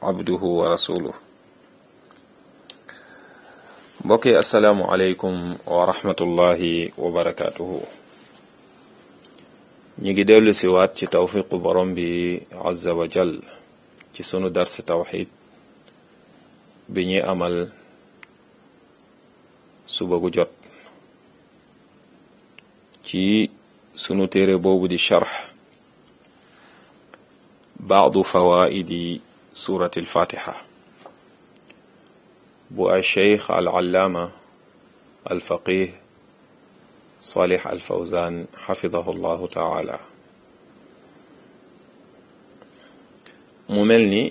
abduhu wa rasuluh mbokk yi ñi ngi dellu si waat ci tawfiqu borom bi azza ci sunu dars tawxid bi ñuy amal suba gu jot ci sunu téere boobu di charx baadu fawaidi suurati alfaatiha bu ay cheikh al allaama al faqih salih al fawzan xafidahu llahu taala mu mel ni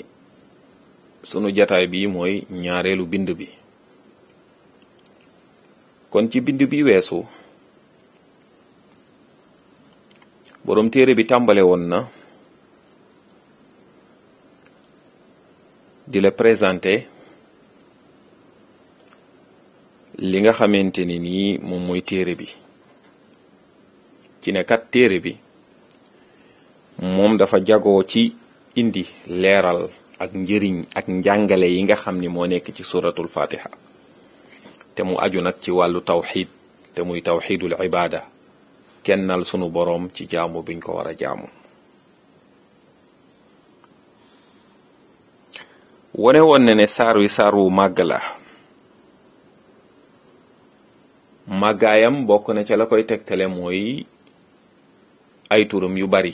sunu jataay bi mooy ñaareelu bind bi kon ci bind bi weesu boroom téere bi tàmbale woon na di la présenter li nga xamante ni nii moom mooy téere bi ci ne téere bi moom dafa jagoo ci indi leeral ak njëriñ ak njàngale yi nga xam ni moo nekk ci suratul fatiha te mu aju nag ci wàllu tawxid te muy tawxidul ibaada kennal sunu boroom ci jaamu biñ ko war a jaamu wone woon na ne saar wi saar wu màgg la màggaayam bokk na ca la koy tegtale mooy ay turam yu bari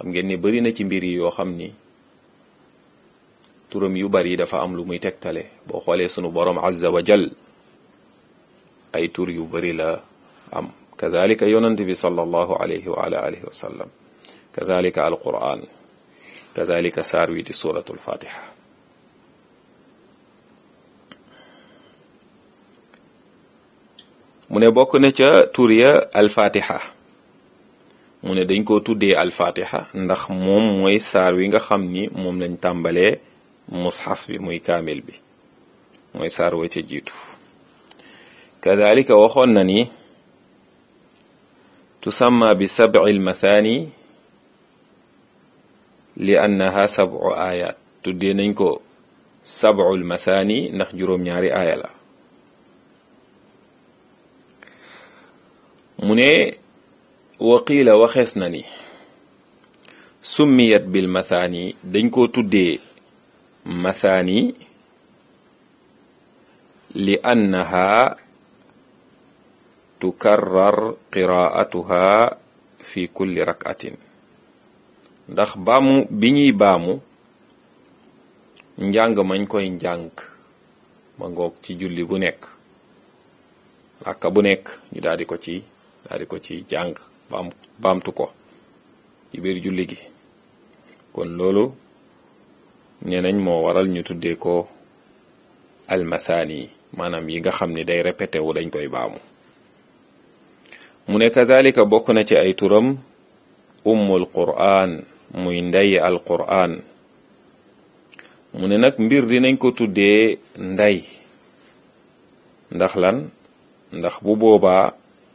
xam ngeen ni bari na ci mbir yoo xam ni turam yu bari dafa am lu muy tegtale boo xoolee sunu borom azza wa jal ay tur yu bari la am kazalika yonent bi sallallahu alayhi wa ala alihi wa sallam kazalika saar wi di suuratul mu ne bokk na ca tur ya alfatiha mu ne dañ ko tuddee alfatiha ndax moom mooy saar wi nga xam ni moom lañ tàmbalee mushaf bi muy kaamil bi mooy saar wa ca jiitu kadalika waxoon na ni tu tusamma bi sabi almathani li annaha sabu ayat tuddee nañ ko sabul mathani ndax juróom-ñaari aaya la mu ne waqiila waxees na ni summiyat bil mathani dañ ko tuddee mathani li annaha tukarrar qiraatuha fi kulli rakatin ndax baamu bi ñuy baamu njàng mañ koy njàng ma ngoog ci julli bu nekk ràkka bu nekk ñu daal di ko ci daal ko ci jàng baam baamtu ko ci biir julli gi kon loolu nee nañ moo waral ñu tuddee ko almathani maanaam yi nga xam ni day répété wu dañ koy baamu mu ne kazalika bokk na ci ay turam ummul quraan muy nday ndeyi alquran mu ne nag mbir dinañ ko tuddee nday ndax lan ndax bu boobaa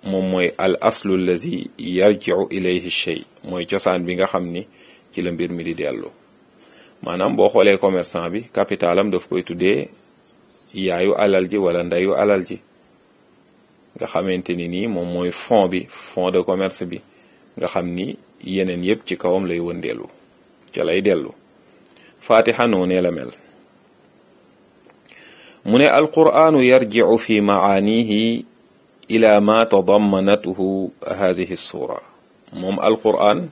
moom mooy al aslu allazi yarjiu ilayhi shay mooy cosaan bi nga xam ni ci la mbir mi di dellu maanaam boo xoolee commerçant bi capitalam daf koy tuddee yaayu alal ji wala ndayu alal ji nga xamante ni nii moom mooy fond bi fond de commerce bi nga xam ni yeneen yépp ci kawam lay wëndeelu ca lay dellu fatiha noonee mel mu ne alqur'aanu yarjicu fi macaanihi ila ma tadamanatuhu haadihi suura moom alqur'aan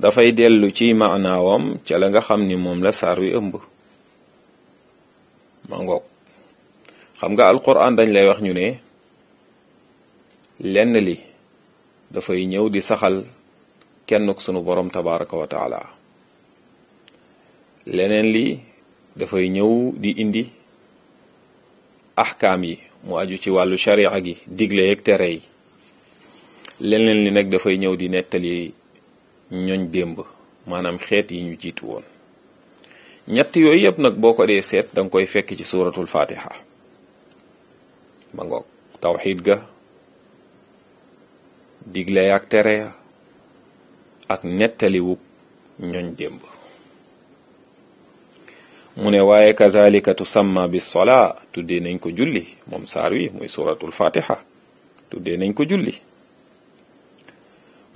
dafay dellu ci maanaawam ca la nga xam ni moom la saar wi ëmb ma ngoog xam nga alqur'aan dañ lay wax ñu ne lenn li dafay ñëw di saxal kenn ak sunu borom tabaraka wa leneen li dafay ñëw di indi axkaam yi mu aju ci wàllu sharia gi digle yeeg tere yi leneen li nag dafay ñëw di nettali ñoñ démb maanaam xeet yi ñu jiitu woon ñett yooyu yëpp nag boo ko dee seet danga koy fekk ci suuratul fatiha ma ngoog tawxiid ga digle ak tere ak nettaliwu ñoñ démb mu ne waaye kazalika tusamma bi solaa tuddee nañ ko julli moom saar wi muy suratul fatiha tuddee nañ ko julli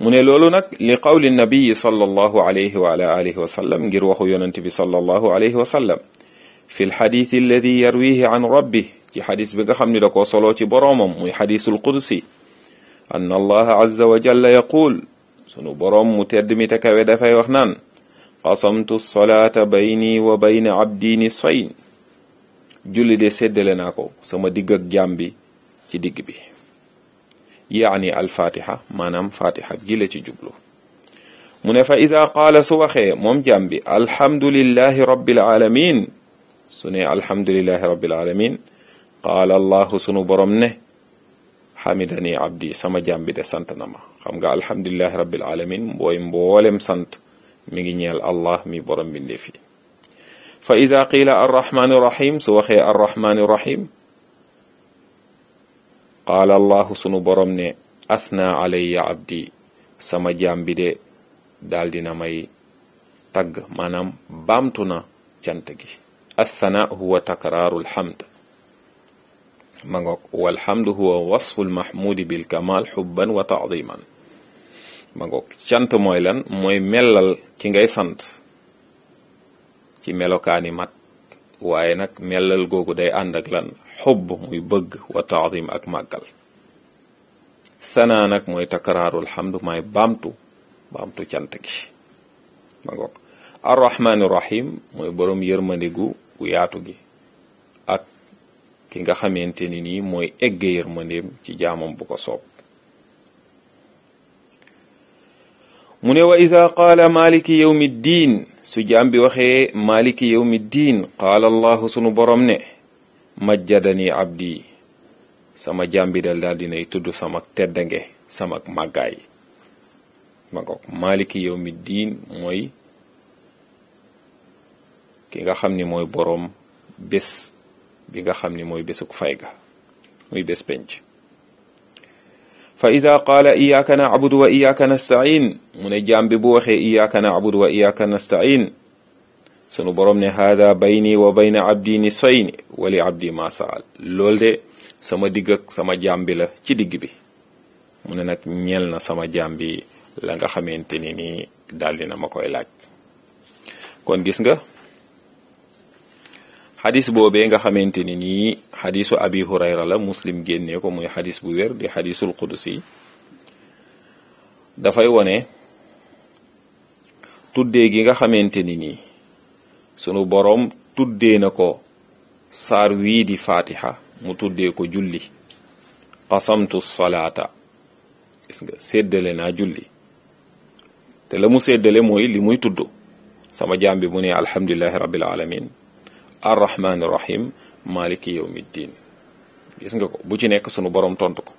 mu ne loolu nag li qawli nabiyi sallallahu alayhi wa ala alihi wa sallam ngir waxu yonent bi sallallahu alayhi wa sallam fi lxadis alladi yarwihi an rabbi ci xadis bi nga xam ni da koo soloo ci boroomam muy xadisul qudsi an allaha azza wa jalla yaqul sunu borom mu tedd mi te kawe dafay wax naan qasamtu salaata bayni wa bayna abdi nisfayn julli de séddale naa ko sama digg ak bi ci digg bi yaani alfatiha maanaam fatiha gi la ci jublu mu ne fa isa qaala su waxee moom jaam bi alhamdulillahi rabbil alamin su ne alhamdulillahi rabbil sunu borom ne xamidani sama jaam bi sant na ma xam nga alhamdulilahi rabbil alamin mbooy mboolem sant mi ngi ñeel allah mi borom bindee fi fa ida qiila arrahmaani rahim su waxee arrahmaani rahim qaala allahu sunu borom ne athna alayya abdi sama jaam bi de daal dina may tagg maanaam bamtu na cant gi athana huwa takraarul hamd magok ngoog walhamdu huwa wasful mahmudi bil kamal xubban wa taadiman ma cant mooy lan mooy melal ki ngay sant ci melokaani mat waaye nag melal googu day ànd ak lan xubb muy bëgg wa taadim ak màggal sanaa nag mooy takraarul xamdu may baamtu cant gi ma mooy boroom yërmande gu yaatu gi ki nga xamante ni nii mooy egge yërmandeem ci jaamam bu ko soob mu ne wa isa qaala maaliki yawmi su jaam bi waxee maaliki yawmi diin qaala allahu sunu borom ne majjadani abdi sama jaam bi dal daal dinay tudd samak teddange samak màggaay ma ko maaliki mooy ki nga xam ni mooy boroom bés bi nga xam ni mooy bésuk fay ga muy bés penc fa ida qaala iyaaka na'budu wa iyaaka nasta'in mu ne jaam bi bu waxee iyaaka na'budu wa iyaaka nasta'in sunu borom ne haada bayni wa bayna abdi nisfayni wa li abdi ma saal loolu de sama digg sama jaam bi la ci digg bi mu ne nag ñeel na sama jaam bi la nga xamante ni nii daldi na ma koy laaj kon gis nga xadis boobee nga xamante ni nii xadisu abi hurayra la muslim génnee ko muy xadis bu wér di xadisul qudusi dafay wone tuddee gi nga xamante ni nii sunu boroom tuddee na ko saar wii di fatiha mu tuddee ko julli qasamtu salaata gis nga séddale naa julli te la mu séddale mooy li muy tudd sama jaam bi mu ne alhamdulilahi rabbil alamin arrahmaani rahim maliki yawmiddin gis nga ko bu ci nekk sunu boroom tontu ko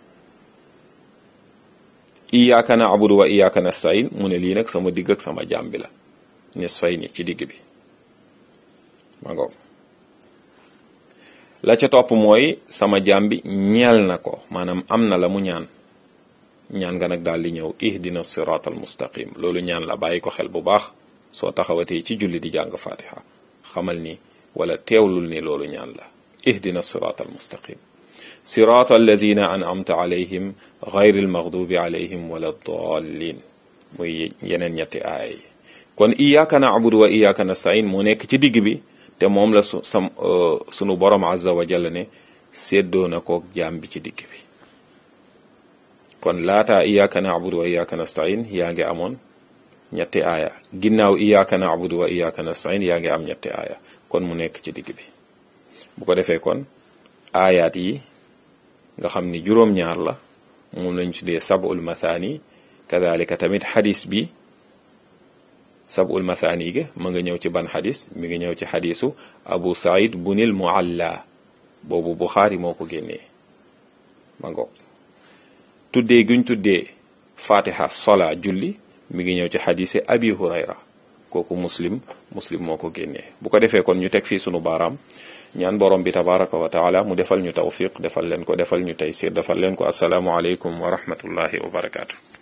iyyaka na'budu wa na say mu ne lii nag sama digg ak sama jaam bi la say ni ci digg bi ma la ca topp mooy sama jàmbi bi ñeel na ko maanaam am na la mu ñaan ñaan nga nag daal di ñëw ihdina siratal mustaqim loolu ñaan la bàyyi ko xel bu baax soo taxawatee ci julli di jàng fatiha xamal ni wala teewlul ni loolu ñaan la ihdina siraat al mustaqim siraat alladina an'amta alayhim gayri almaghdubi alayhim wala dallin muy yeneen ñetti aaya yi kon na na'budu wa iyyaka nasta'in moo nekk ci digg bi te moom la su sam euh, sunu borom azza wa jalla ne séddoo na koog jaam bi ci digg bi kon laataa iyyaka na'budu wa iyyaka nasta'in yaa ngi amoon ñetti aaya ginnaaw iyyaka na'budu wa iyyaka nasta'in yaa ngi am ñetti aaya kon mu nekk ci digg bi bu ko defee kon ayaat yi nga xam ni juróom-ñaar la moom lañ tuddee sabul mathani kadalika tamit xadis bi sabul mathani ga ma ngi ñëw ci ban xadis mi ngi ñëw ci xadisu abu said bunil mualla boobu buxaari moo ko génnee ma ngoog tuddee guñ tuddee fatiha sola julli mi ngi ñëw ci xadisi abi hurayra kooku muslim muslim moo ko génnee bu ko defee kon ñu teg fii sunu baaraam ñaan borom bi tabaraka wa taala mu defal ñu tawfiq defal leen ko defal ñu taysir defal leen ko asalaamualeykum wa rahmatullahi wa barakaatu.